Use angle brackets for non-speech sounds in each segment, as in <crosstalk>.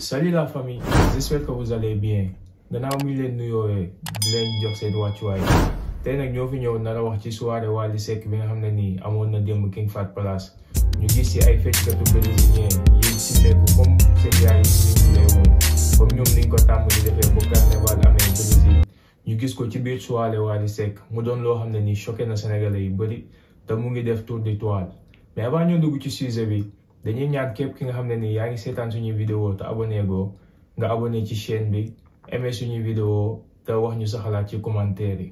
salut la famille j'espère que vous allez bien gannaaw mu leen nuyoowee di leen jox seen wàccuwaay tey nag ñoo fi ñëw nara wax ci soirée Wally Seck bi nga xam ne nii amoon na démb King Fahd Palace ñu gis ci ay fecckatu brésilien yi ci nekk comme seen yaay yi ñu woon comme ñoom niñ ko tàmm di defee bu carnaval amee Brésil ñu gis ko ci biir soirée Wally Seck mu doon loo xam ne nii choqué na sénégalais yu bëri te mu ngi def tour d'étoile mais avant ñoo ci sujet bi dañuy ñaat képp ki nga xam ne nii yaa ngi seetaan suñuy vidéo te abonné goo nga abonné ci chaîne bi aimé suñuy vidéo te wax ñu sa ci commentaire yi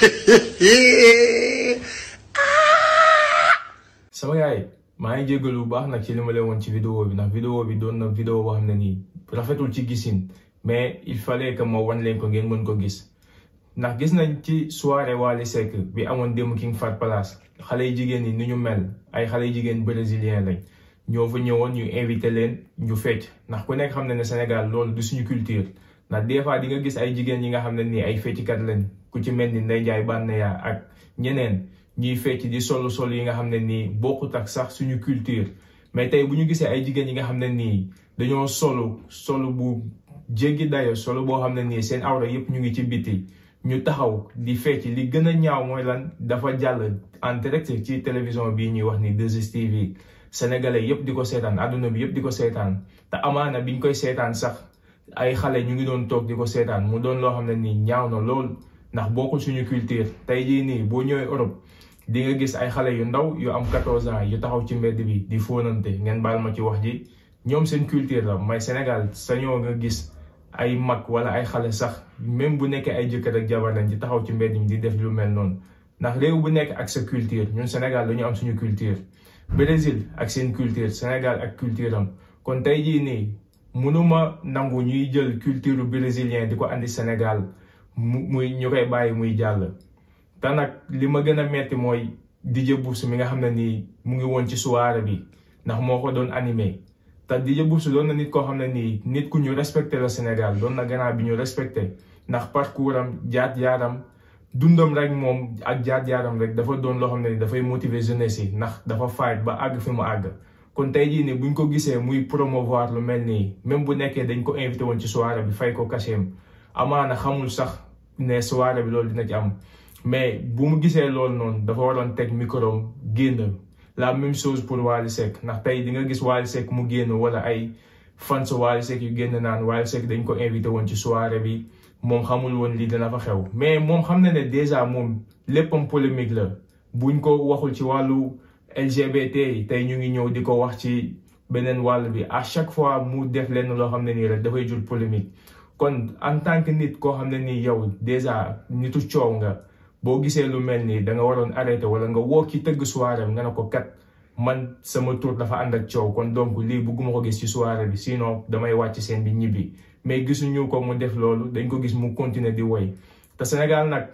<laughs> sama yaay maa ngi jégalu bu baax nag ci li ma woon ci vidéo bi ndax vidéo bi doon na vidéo boo xam ne nii rafetul ci gisin mais il fallait que ma wan leen ko ngeen mën ko gis ndax gis nañ ci soirée Wally Seck bi amoon démb King Fahd palaas xale yi jigéen ñi ni ñu mel ay xale yu jigéen brésilien lañ ñoo fa ñëwoon ñu invité leen ñu fecc ndax ku nekk xam na ne Sénégal loolu du suñu culture. ndax des fois di nga gis ay jigéen yi nga xam ne nii ay kat lañ ku ci mel ni Ndeye Ndiaye Banaya ak ñeneen ñiy fecc di solu sol yi nga xam ne nii bokkut ak sax suñu culture mais tey bu ñu gisee ay jigéen yi nga xam ne nii dañoo solu solu bu jéggi dayo solu boo xam ne nii seen awra yëpp ñu ngi ci biti ñu taxaw di fecc li gën a ñaaw mooy lan dafa jàll en direct ci télévision bii ñuy wax ni 2STV sénégalais yëpp di ko seetaan àdduna bi yëpp di ko seetaan te ay xale ñu ngi doon toog di ko seetaan mu doon loo xam ne ni ñaaw na lool ndax bokkul suñu culture tey jii nii boo ñëwee Europe di nga gis ay xale yu ndaw yu am 14 ans yu taxaw ci mbedd bi di fóonante ngeen baal ma ci wax ji ñoom seen culture la may Sénégal sañoo nga gis ay mag wala ay xale sax même bu nekkee ay jëkkër ak jabar lañ di taxaw ci mbedd mi di def lu mel ndax réew bu nekk ak sa culture ñun Sénégal am suñu culture Brésil ak seen culture Sénégal ak culture am kon tey jii nii mënuma nangu ñuy jël culture brésilien di ko indi Sénégal mu muy ñu koy bàyyi muy jàll te nag li ma gën a metti mooy DJ Boubs mi nga xam ne nii mu ngi woon ci soirée bi ndax moo ko doon animé te DJ Boubs doon na nit koo xam ne nii nit ku ñu respecté la Sénégal doon na gannaaw bi ñu respecté ndax parcours am jaat yaaram dundam rek moom ak jaat yaaram rek dafa doon loo xam ne ni dafay motiver jeunesse yi ndax dafa faay ba àgg fi mu àgg kon tey jii bu ñu ko gisee muy promouvoir lu mel nii même bu nekkee dañ ko invité woon ci soirée bi fay ko kaseem amaana xamul sax ne soirée bi loolu dina ci am mais bu mu gisee loolu noonu dafa waroon teg micro génn la même chose pour Wally Seck ndax tey di nga gis Wally Seck mu génn wala ay fans Wally Seck yu génn naan Wally Seck dañ ko invité woon ci soirée bi moom xamul woon lii dana fa xew mais moom xam na ne déjà moom léppam polémique la buñ ko waxul ci LGBT yi tey ñu ngi ñëw di ko wax ci beneen wàll bi à chaque fois mu def lenn loo xam ne nii rek dafay jur polémique kon en tant que nit koo xam ne nii yow déjà nitu coow nga boo gisee lu mel nii da nga waroon arrêté wala nga woo kii tëgg soirée nga ne ko kat man sama tour dafa ànd ak coow kon donc lii bëgguma ko gis ci soirée bi sinon damay wàcc seen bi ñibbi mais gisuñu ko mu def loolu dañ ko gis mu continuer di woy te Sénégal nag.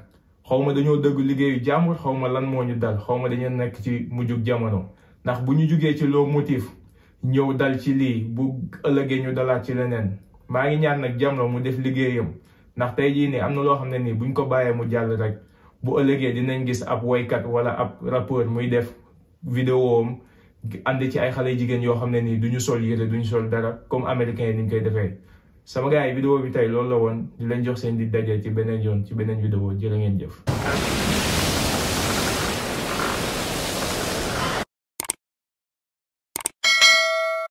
xaw ma dañoo dëgg liggéeyu jàmbur xawma lan moo ñu dal xaw ma dañoo nekk ci mu jug jamono ndax bu ñu jugee ci loo motif ñëw dal ci lii bu ëllëgee ñu dalaat ci leneen maa ngi ñaan nag jamono mu def liggéeyam ndax tey jii am na loo xam ne nii buñ ko bàyyee mu jàll rek bu ëllëgee dinañ gis ab woykat wala ab rappeur muy def vidéo am ànd ci ay xale jigéen yoo xam ne nii duñu sol yére duñu sol dara comme américain yi ñu koy defee. sama gars yi vidéo bi tey loolu la woon di leen jox seen di dajee ci beneen joon ci beneen vidéo jërë ngeen jëf